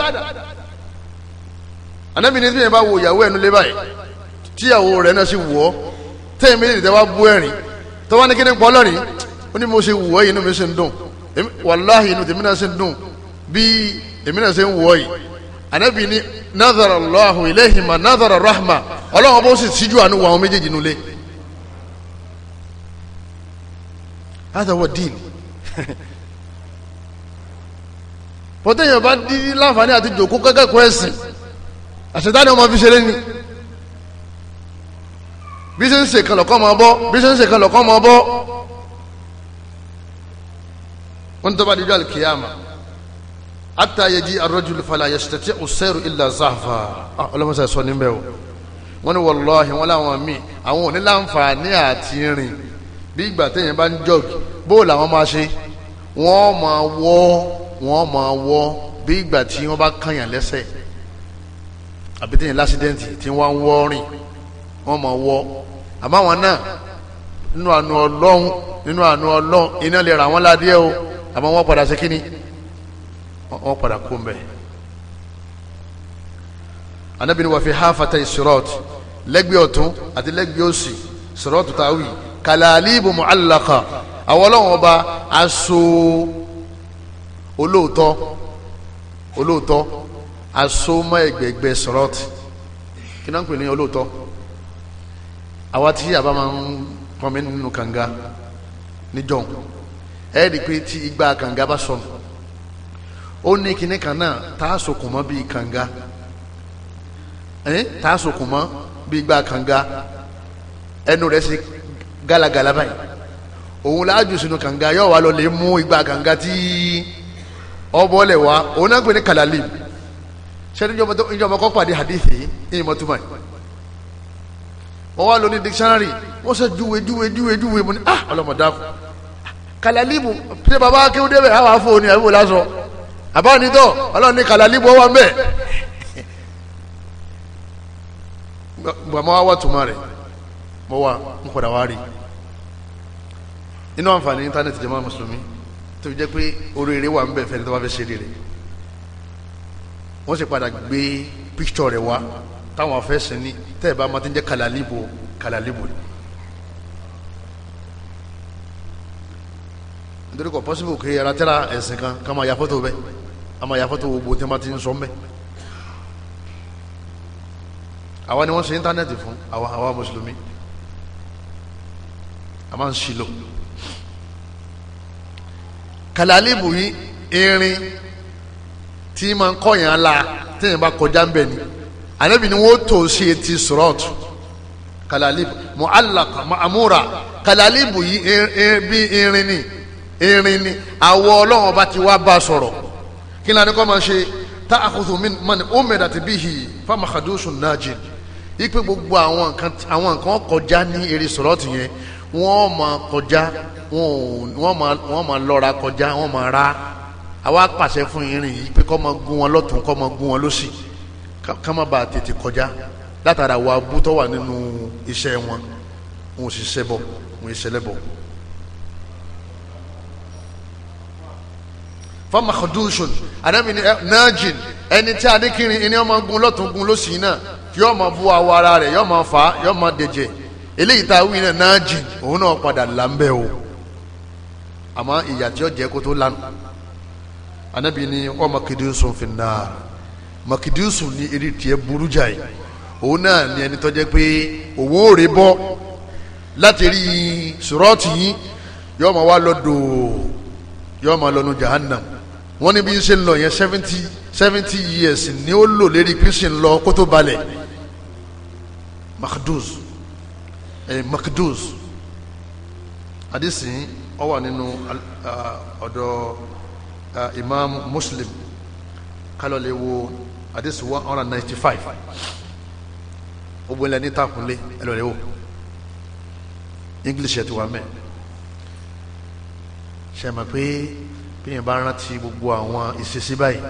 ànábì ní tíyẹn bá wo ìyàwó ẹnu lé báyìí tíyàwó rẹ̀ náà sì wọ̀ tẹ́yìn méjèèjì tẹ́ wá bú ẹ̀rín tó wá ní kí ni pọ́ lọ́rìn ó ní mo ṣe wọ̀ yìí inú mi ṣe ń dùn wàláhì inú tèmi náà ṣe ń dùn bí èmi náà ṣe ń wọ̀ yìí ànábì ni nazara allahu ilayhima nazara rahma ọlọ́run bó sì síjú àánú wọn méjèèjì nulẹ̀ hada wa din pọtẹ́yìn ọba dídí láǹfààní àti jòkó kẹ́kẹ́ kọ́ ẹ̀sìn àṣetáni ọmọ fi ṣeré ni bí ṣe ń ṣe kan lọ́kọ́ máa bọ́ bí ṣe ń ṣe kan lọ́kọ́ máa bọ́ wọ́n tó bá di jọ́ọ̀lù kìyàmà ata yẹji arọ́jùlù fàlà yẹsùtẹ̀tì ọ̀sẹ̀rù ìlà záfà ah, ọlọ́mọṣẹ́ sọ níbẹ̀ o wọ́n ní wọ́lọ́ọ̀hìn wọ́n láwọn míì àwọn ò ní láǹfààní àti rìn bí ìgbà téèyàn bá ń jọ́ọ̀gì bóòlù àwọn máa ṣe wọ́n máa wọ́ wọ́n máa wọ́ bí ìgbà tí wọ́n bá kànyàn lẹ́sẹ̀ẹ́ àbí tẹ̀yìn lásìdẹ́ǹtì tí wọ́n ń wọ́ rìn wọ́n mọ̀ wọ́ àmọ́ àwọn náà nínú àánú ọlọ́run nínú àánú ọlọ́run iná lè ra wọ́n ládìẹ o àmọ́ wọ́n padà sí kínní padà kú mbẹ́. Ànábì ní fi hafata sirat lẹ́gbẹ̀ẹ́ ọ̀tún àti lẹ́gbẹ̀ẹ́ òsì sirat tàwí kàlàlíbù mu'allaqa àwọn ọlọ́run ọba aṣọ olóòótọ́ asoma ẹgbẹgbẹ sọrọtì kí náà ń pè ní olóòótọ́ àwa tí àbá máa ń pọnmi nínú kànga níjọ ẹ rí i pé tí igba kànga bá sọnù ó ní kinní kan náà tá a sokùn mọ́ bíi kànga tá a sokùn mọ́ bíi igba kànga ẹnu rẹ̀ sí gálagàlà báyìí òun láàjù sínú kànga yóò wá lọ lè mú igba kànga tí ọbọ̀ lẹ̀ wá òun náà ń pè ní kàlálì sẹ́ni ìjọba kọ́ pàdé hadithi yìí ní ìmọ̀túmọ̀ yìí wọ́n wá lóní dictionary wọ́n sọ júwe júwe júwe júwe mu ni ah ọlọ́mọdá fún kalalibu ṣé baba akéwù débẹ̀ àwọn afọ ni àbúrò lásọ àbánitọ́ ọlọ́ni kalalibu ọwọ́ mbẹ́ kalalibu wa tuma rẹ̀ mọ́ wa ń padà wá rí inú àǹfààní íńtánẹ́ẹ̀tì jàmá mùsùlùmí tó fi jẹ́ pé oríire wà ń bẹ̀ fẹ́ni tó bá fẹ́ ṣe rere wọ́n sì padà gbé píkítọ̀ rẹ̀ wá táwọn afẹ́sìn ní tẹ́ ẹ̀ bá máa ti ń jẹ́ kàlálíbò kàlálíbò ni. nítorí kò pọ́sibú kí ara tẹ́ra ẹ̀sìn kan ká máa ya fọ́tò bẹ́ẹ̀ a máa ya fọ́tò gbogbo tí wọ́n ti ń sọ mẹ́. àwa ni wọ́n ṣe íńtánẹ́ẹ̀tì fún àwa àwa mùsùlùmí a máa ń ṣìlò kàlálíbò yìí irin tí máa ń kọyàn la téèyàn bá kọjá ń bẹ ni anabi ni wọn tó sí etí sọrọt kalalibu mu'allaka ma'amura kalalibu yìí bí irin ni irin ni àwọ ọlọ́run ọba ti wá bá a sọ̀rọ̀ kí ni a ní kọ́ máa ṣe ta'khudhu min man umirat bihi famahadusun najin ipe gbogbo àwọn nǹkan àwọn nǹkan kọjá ní eré sọ̀rọ̀tì yẹn wọ́n máa kọjá wọ́n máa lọ́ra kọjá wọ́n máa ra àwa pàṣẹ fún irin yìí pé kọ́ mọ gún wọn lọ́tún kọ́ mọ gún wọn lọ́sì ká má bàa tètè kọjá látara wa bútọ́ wà nínú iṣẹ́ wọn wọn ò sì ṣẹbọ wọn ò ṣẹlẹ́bọ. fama khadushin anabi ni najin ẹni tí adékiri ẹni ọmọ gun lọ́tún gun lọ́sì náà yóò máa bu awọ ara rẹ̀ yóò máa fà á yóò máa dèjè eléyìí tá a wí náà najin òun náà padà là ń bẹ̀ o àmọ́ ìyà tí ó jẹ́ kó tó lánàá anabi ni wa makidiusun fi makidiusun ni eri tiẹ burú jà òun náà ni ẹni tọ́jẹ́ pé òun ò rè bọ́ láti rí sùrọ́ọ̀tì yìí yóò máa wá lọ́dọ̀ yóò máa lọ́nu jahannam wọ́n ní bí ń ṣe ń lọ seventy seventy years ni ó lò lérí christian lọ kó tó balẹ̀ makduz ẹ makduz adisi ó wà nínú ah, ọ̀dọ̀. Uh, Eh, imam muslim kálọ̀ lè wo àdìsí one hundred and ninety five ogun ilẹ̀ ní takunlé ẹ lọ lè wo english ẹ̀ ti wà mẹ́ ṣe mọ̀ pé bí yẹn bá rántí gbogbo àwọn ìṣesí báyìí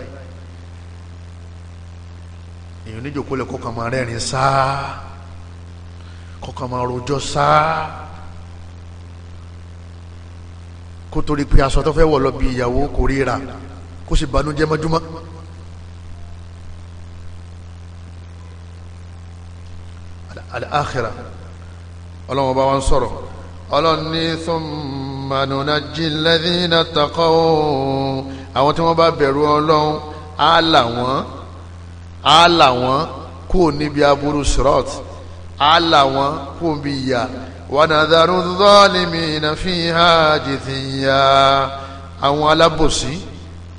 èèyàn níjòkó lè kọ́kàn máa rẹ́rìn sáá kọ́kàn máa rojọ́ sáá kó torí pé aṣọ tó fẹ́ wọ̀ lọ bí ìyàwó kò ríra kó sì banújẹ́ mọ́júmọ́. al-akhirah ọlọ́run ọba wa ń sọ̀rọ̀ ọlọ́run ní thumma nunajji alladhina taqaw àwọn tí wọ́n bá bẹ̀rù ọlọ́run á là wọ́n á là níbi aburú sirat á là wọ́n níbi ìyà wọnàdàrú zọ́ọ̀lìmí nàfíhà jìtìyà àwọn alábòsí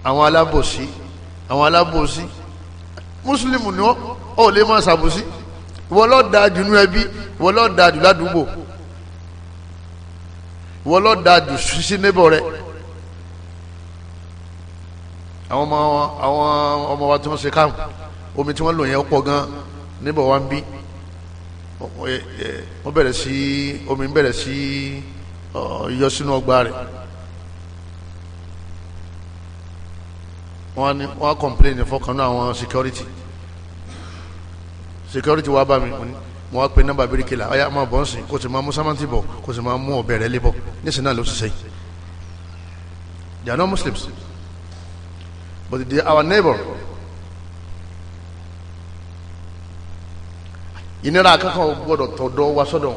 àwọn alábòsí àwọn alábòsí mùsùlùmù ni wọn ò lè máa ṣàbòsí ìwọ ló dáa jù nú ẹbí ìwọ ló dáa jù ládùúgbò ìwọ ló dáa jù sí níbọ rẹ àwọn ọmọ àwọn ọmọ wa tí wọn ṣe káàmù omi tí wọn lò yẹn pọ̀ gan níbọ wa ń bí Eh, eh, wọ́n bẹ̀rẹ̀ sí omi bẹ̀rẹ̀ sí yọ sínú ọgbà rẹ̀ wọ́n ní wọ́n complain fọkànnú àwọn security security wa bá mi mo wá pe nọ́mbà bíríkìlà ọ̀yà máa bọ̀ ń sìn kò sì máa mú sámántì bọ̀ kò sì máa mú ọ̀bẹ rẹ̀ lébọ̀ nísìnyí náà ló ti sẹ́yìn they are not Muslims but they are our neighbor. ìnira kankan ò gbọdọ̀ tọ̀dọ̀ wa sọ́dọ̀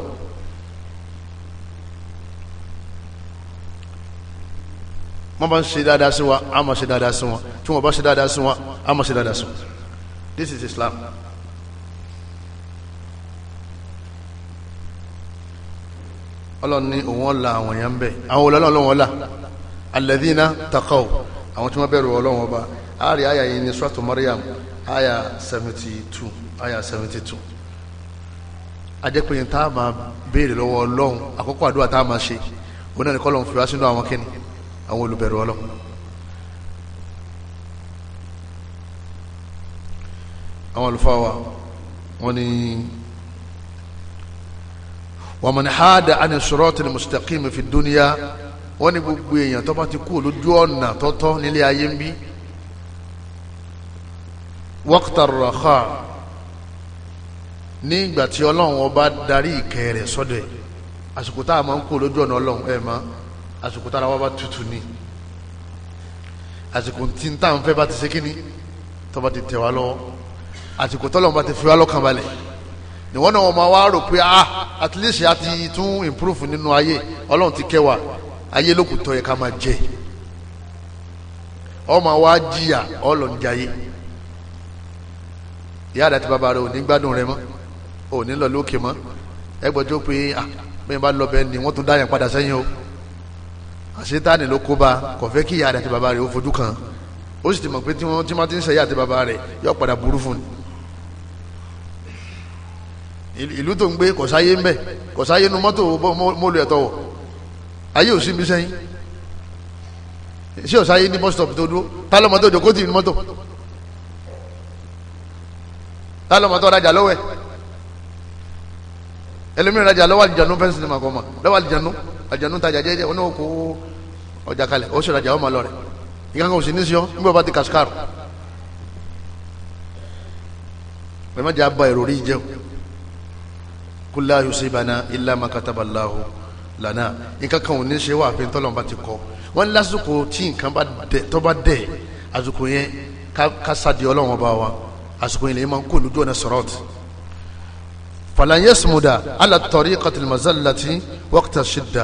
wọ́n bá ń ṣe dáadáa sí wa a máa ṣe dáadáa sí wọn tí wọ́n bá ṣe dáadáa sí wọn a máa ṣe dáadáa sí wọn this is Islam. ọlọ́run ní òun ọ̀la àwọn èèyàn bẹ̀ àwọn olóòlò ọlọ́run ọ̀la alladhina taqaw àwọn tí wọ́n bẹ̀rù ọlọ́run ọba àárẹ̀ àyà yìí ní suratu Maryam àyà seventy two àyà seventy two ajẹ́pẹ̀yìn tá a máa béèrè lọ́wọ́ ọlọ́run àkọ́kọ́ àdúrà tá a máa ṣe òun náà ní kọ́lọ́n fìwá sínú àwọn kíni àwọn olùbẹ̀rù ọlọ́run. àwọn àlùfáà wa wọ́n ní wọ́n mọ̀ ní háàdà àni sirati mustaqim fi dúníyà wọ́n ní gbogbo èèyàn tó bá ti kú lójú ọ̀nà tọ́tọ́ nílé ayé ń bí waqtar raha ní ìgbà tí ọlọ́run ọba darí ìkẹ́ rẹ̀ sọ́dọ̀ ẹ̀ àsìkò tá a máa ń kó lójú ọ̀nà ọlọ́run ẹ̀ mọ́ àsìkò tá a wá bá tutù ni àsìkò tí n táwọn fẹ́ bá ti ṣe kíni tọ́ba ti tẹ̀ wá lọ́wọ́ àsìkò tọ́lọ́run bá ti fi wá lọ́kàn balẹ̀ níwọ́n náà wọ́n máa wá rò pé ah at least a ti tún improve nínú ayé ọlọ́run ti kẹwàá ayé lókùn tọ́ yẹ ká máa jẹ ọmọ wa jìyà ọlọ́run jayé ìyá àdàtì bàbá rẹ ò ní gbádùn rẹ mọ́ ò ní lọ lókè mọ́ ẹgbẹ́ tó pé à ah, bẹ́ẹ̀ bá lọ bẹ́ẹ̀ ni wọ́n tún dáyàn padà sẹ́yìn o àṣetáni ló kó ba kò fẹ́ kí ìyá rẹ̀ àti bàbá rẹ̀ ó fojú kan ó sì ti mọ̀ pé tí wọ́n ti máa ti ń ṣe ìyá àti bàbá rẹ̀ yóò padà burú fún ni ìlú tó ń gbé kò ń bẹ̀ kò nu mọ́tò mọ́lù ẹ̀tọ́ wọ̀ ayé ò sí mi sẹ́yìn ṣé o sáyé ní bus stop tó dúró tá lọ́mọ tó jókòó tì ní mọ́tò tá lọ́mọ lọ́wọ́ ẹ̀ ẹlòmíràn rajà lọ́wọ́ àlìjànú fẹ́ǹsì ni màkọ́ ma lọ́wọ́ àlìjànú àlìjànú tajà jẹ́jẹ́ ó ní òkú ọjà kalẹ̀ ó sì rajà ó ma lọ rẹ̀ ìkankan ò sì ní sọ nígbà bá ti kàṣkàrù bẹ́ẹ̀ má jẹ́ abá èrò rí jẹun kúlá yusibana illa ma kataballahu lana ìkankan ò ní ṣe wà àfihàn tọ́lọ́n bá ti kọ́ wọ́n lásìkò tí nǹkan tó bá dẹ̀ àsìkò yẹn ká sá di ọlọ́wọ́n bá wa àsìkò yẹn lè máa ń kó lójú ọ̀nà sọ̀rọ̀tì falan yasmuda ala tariqatil mazallati waqta shidda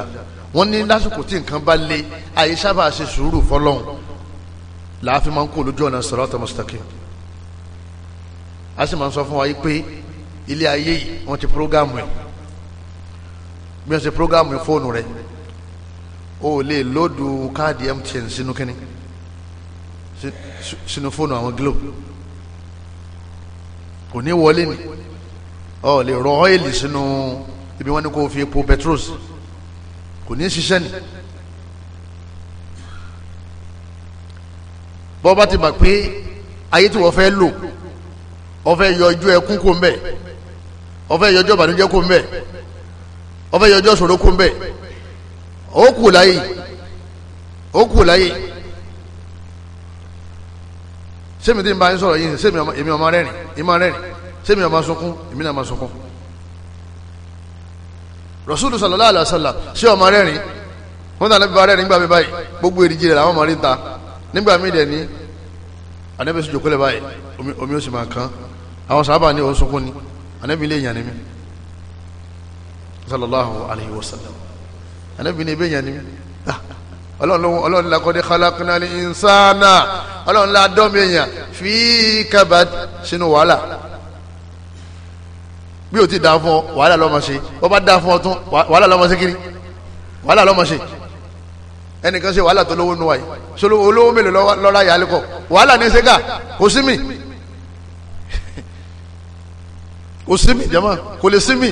wọ́n ní lásìkò tí nǹkan bá le àyè sábà ṣe sùúrù fọlọ́hún làáfi máa ń kó lójú ọ̀nà sirata mustaqim a sì máa ń sọ fún wa yìí pé ilé ayé yìí wọ́n ti prógámù ẹ̀ bí wọ́n ṣe prógámù ẹ̀ fóònù rẹ̀ o lè lóòdù káàdì MTN sínú kínní sínú fóònù àwọn Glo kò ní wọlé ni ọ lè rọ ọ́ìlì sínú ibi wọ́n ní kó fi epo petros kò ní ṣiṣẹ́ ni bọ́ bá ti bà pé ayé tí wọ́n fẹ́ lò ó fẹ́ yọjú ẹkún kó ń bẹ̀ ó fẹ́ yọjú ìbànújẹ́ kó ń bẹ̀ ó fẹ́ yọjú ìṣòro kó ń bẹ̀ ó kù láyé ó kù láyé sẹ́mi tí n bá ń sọ̀rọ̀ yìí sẹ́mi èmi ọmọ rẹ́rìn ìmọ̀ rẹ́rìn sẹ́mi náà máa sunkún èmi náà máa sunkún rasulu sallallahu alayhi wa sallam ṣé ọmọ rẹ rìn wọn tàn lẹ́bàá rẹ nígbà mi báyìí gbogbo èrìjì rẹ làwọn ọmọ rí ta nígbà mi dẹ̀ ní anabi sì jòkó lẹ̀ báyìí omi ó sì máa kán àwọn sábà ní òun sunkún ni anabi lè yàn ní mi sallallahu alayhi wa sallam anabi ní ebe yàn ní mi ọlọ́run lakọ́dé khalaqnal insana ọlọ́run la dọ́mi èèyàn sínú wàhálà bí o ti dà fún ọ wàhálà lọ́mọ ṣe bọ́ bá dà fún ọ tún wàhálà lọ́mọ ṣe kiri wàhálà lọ́mọ ṣe ẹnìkan ṣe wàhálà tó lówó nu wáyé solo olówó mélòó lọ́la yà á lẹ́kọ̀ wàhálà ní ṣẹ́gà kò sí mi kò sí mi jama kò lè sí mi.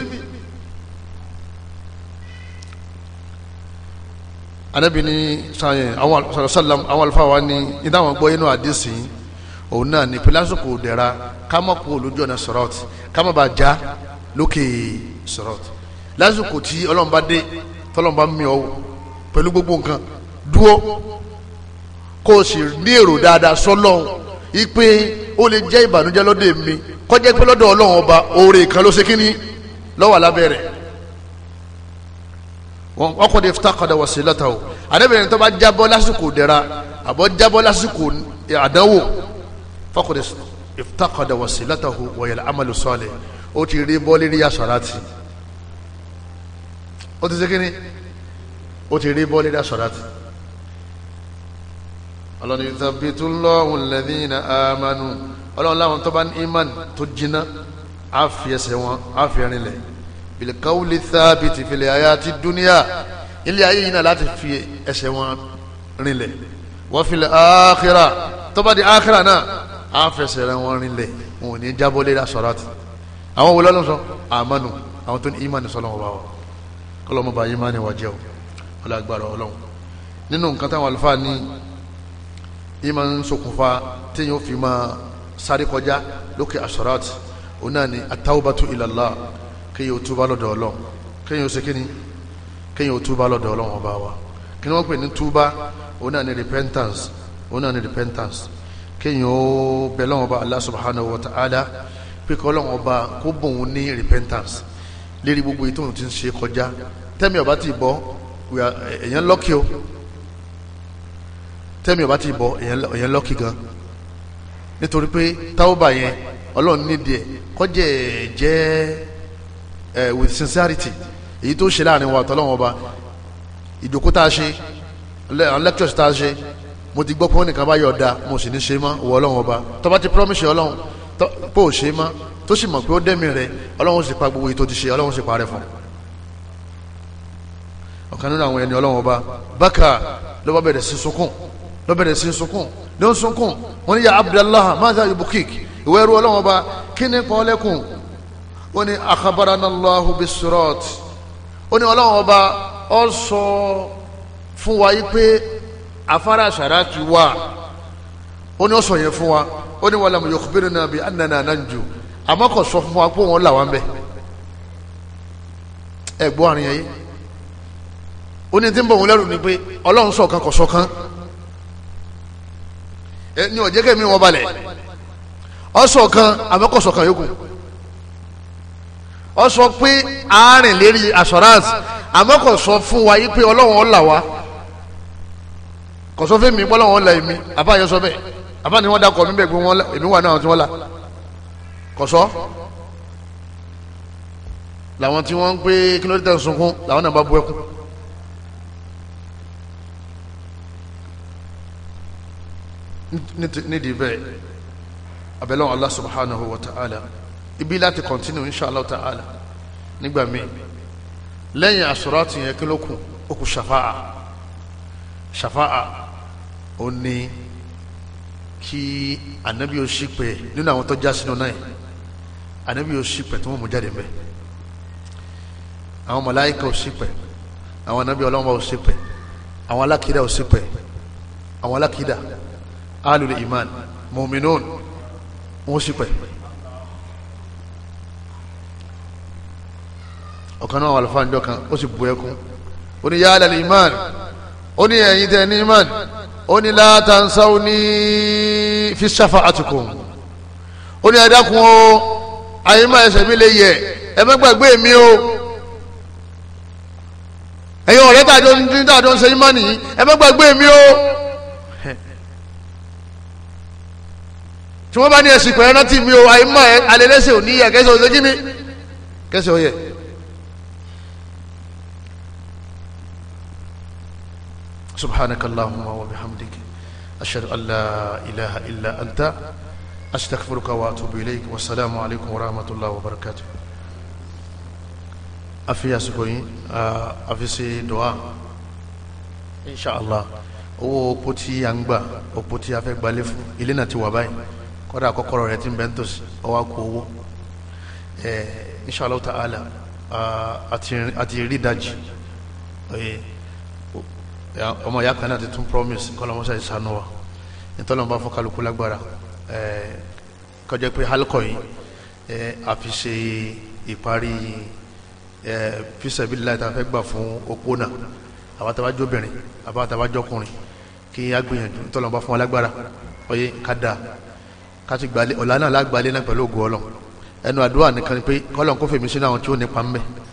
anabi ni sanyẹ àwọn sallam àwọn alifa wa ni ìdáwọn gbọ́ inú àdìsí òun náà ní pílásìkò dẹ̀ra ká má kú olójú ọ̀nà sọ̀rọ̀t ká má bàa já lókè sọ̀rọ̀ lásìkò tí ọlọ́run bá dé tọ́lọ́run bá mi ọ́ pẹ̀lú gbogbo nǹkan dúró kó o sì ní èrò dáadáa sọ́lọ́run ipe ó lè jẹ́ ìbànújẹ́ lọ́dọ̀ mi kọjá pé lọ́dọ̀ ọlọ́run ọba oore kan ló ṣe kí ni lọ́wọ́ alábẹ́rẹ́ wọn ọkọ̀ de fita kọ̀dà wọ̀ sí lọ́tà o àdébìnrin tó bá jábọ́ lásìkò dẹ̀ra àbọ̀ jábọ́ lásìkò àdánwò fọkọ̀ de fita kọ̀dà wọ̀ sí o wọ̀yẹ̀lẹ̀ amalu sọ́ọ̀lẹ̀ ó ti rí bọ́ọ̀lì rí asọ̀ràtì ó ti ṣe kíni ó ti rí bọ́ọ̀lì rí asọ̀ràtì. ọlọ́ni ìtàbítú lọ́hùn lẹ́dínà àmánú ọlọ́run láwọn tó bá ní imán tó jiná á fi ẹsẹ̀ wọn á fi ẹrin lẹ̀ bìlìkàwùlì thábìtì fìlẹ̀ ayé àti dúníà ilé ayé yìí náà láti fi ẹsẹ̀ wọn rinlẹ̀ wọ́n filẹ̀ áàkìrà tó bá di áàkìrà náà á fẹsẹ̀ rẹ̀ wọn rinlẹ̀ wọn ò ní jábọ́ lé asọ̀ràtì àwọn wo lọ́lọ́ sọ àmánu àwọn tó ní ìmánì sọ́lọ́ wọn bá wọ kọlọ́mọ bá ìmánì wà jẹ́ o ọlọ́gbàrá ọlọ́run nínú nǹkan táwọn àlùfáà ní ìmánì ṣokùnfà téèyàn fi máa sáré kọjá lókè asọ́rat òun náà ni atáwọ́bátú ìlàlá kéèyàn ò túbá lọ́dọ̀ ọlọ́run kéèyàn ò ṣe kíni kéèyàn ò túbá lọ́dọ̀ ọlọ́run ọba wa kí ni wọ́n pè ní túbá òun náà ni repentance òun náà ni repentance kéèyàn ó bẹ lọ́wọ́ bá Allah subhanahu wa ta'ala pé kọ́ ọlọ́run ọba kó bòun ní repentance lérí gbogbo ètò òun ti ń ṣe kọjá tẹ́mi ọba ti bọ́ èèyàn lọ́kì o tẹ́mi ọba ti bọ́ èèyàn lọ́kì gan nítorí pé táwọ́bà yẹn ọlọ́run nídìí ẹ̀ kọ́jẹ́ jẹ́ ẹ̀ with sincerity èyí tó ṣe láàrin wa àtọ́lọ́run ọba ìjókòó tá a ṣe lectures tá a ṣe mo ti gbọ́ pé wọ́n nìkan bá yọ̀ ọ̀dà mo sì ní ṣe mọ́ ìwọ ọlọ́run ọba tó ti promise ọlọ́run pò ṣe má tó sì mọ̀ pé ó dẹ́mi rẹ̀ ọlọ́run sì pa gbogbo ètò ti ṣe ọlọ́run sì parẹ́ fún ọ̀kan nínú àwọn ẹni ọlọ́run ọba bákà ló bá bẹ̀rẹ̀ sí sunkún ló bẹ̀rẹ̀ sí sunkún ló ń sunkún wọn ní ya abdallah maza ibukik ìwé ẹrú ọlọ́run ọba kí ni pọ́ọ́lẹ́kùn ó ní akabaranallahu bisurat ó ní ọlọ́run ọba ọ sọ fún wa yí pé afárá àṣàrà ti wà ó ní ọ sọ yẹn fún wa ó ní walam yukhbirna bi annana nanju àmọ́ kò sọ fún wa pé wọ́n là wá ń bẹ̀ ẹ gbọ́ àrùn yẹn yé ó ní tí ń bọ̀ wọn lẹ́rù ni pé ọlọ́run sọ̀kan kò sọ̀kan ẹ ní ọ̀jẹ́ kẹ́mi wọn balẹ̀ ọ̀sọ̀kan àmọ́ kò sọ̀kan yòókù ọ sọ pé àárín lérí assurance àmọ́ sọ fún wa yí pé ọlọ́run ó là wá mi pé ọlọ́run ó là èmi àbáyọ sọ bẹ́ẹ̀ bàbá ni wọ́n dákọ̀ mí bẹ̀ pé wọ́n èmi wà náà tí wọ́n la kọ̀sọ́ làwọn tí wọ́n ń pé kí sunkún làwọn náà bá bú ẹkún. nídìí bẹ́ẹ̀ abẹ́lẹ́wọ̀n Allah subhanahu wa ta'ala ibi láti continue inshallah ta'ala nígbà míì lẹ́yìn àsọ̀rọ̀ àti yẹn kí ló kù ó kù kí ànábì ó sì pé nínú àwọn tó já sínú náà ànábì ó sì pé tí wọ́n mú jáde mbẹ́ àwọn màláíkà ó sì pé àwọn ànábì ọlọ́mọ ó sì pé àwọn alákìdá ó sì àwọn alákìdá alul iman mu'minun wọ́n sì pé. ọ̀kan náà wà lọ́fà ńjọ kan ó sì bu ẹkún ó ní yálà ní iman ó ní ẹ̀yin iman ó ní látàǹsáwó ní fi ṣàfà àtùkù ó ní adákun o àyínmá ẹsẹ̀ mi lè yẹ ẹ má gbàgbé mi o ẹ̀yin ọ̀rẹ́ tàjọ ní tàjọ ń ṣe yín mọ́ nìyí ẹ má gbàgbé mi o tí wọ́n bá ní ẹ̀sìn pẹ̀lú rántí mi o àyínmá alẹ́ lẹ́sẹ̀ ò ní yẹ kẹsẹ̀ ò lé kí ni ò yẹ. subhanakallahumma wa bihamdika ashhadu an la ilaha illa anta astaghfiruka wa atubu ilayk wa salaamu alaykum wa rahmatullahi wa barakatuh afi àsìkò yìí afi ṣe du'a inshallah owó opó tí a ń gbà opó tí a fẹ́ gbalé fún ilé náà ti wà báyìí kọ́dà kọ́kọ́rọ́ rẹ̀ ti ń bẹ́ ń tòsí ọwọ́ kó owó inshallah ta'ala àti rí dájú ọmọ ìyá kan náà ti tún promise kọ́ lọ́wọ́ sẹ́yìn sànú wa nítorí bá fọ́ kálukú lágbára kọjá pé halkọ yìí a fi ṣe ìparí fisabila ta fẹ́ gbà fún opó náà àbátabájọ́ obìnrin àbátabájọ́ ọkùnrin kí a gbìyànjú nítorí bá fún wa lágbára ọyẹ kada kátó gbalẹ̀ ọ̀la náà lágbàlẹ̀ náà pẹ̀lú ògùn ọlọ́ ẹnu àdúrà nìkan ni pé kọ́lọ̀ ń kó fèmí sínú àwọn tí ó nípa ń bẹ́ẹ̀.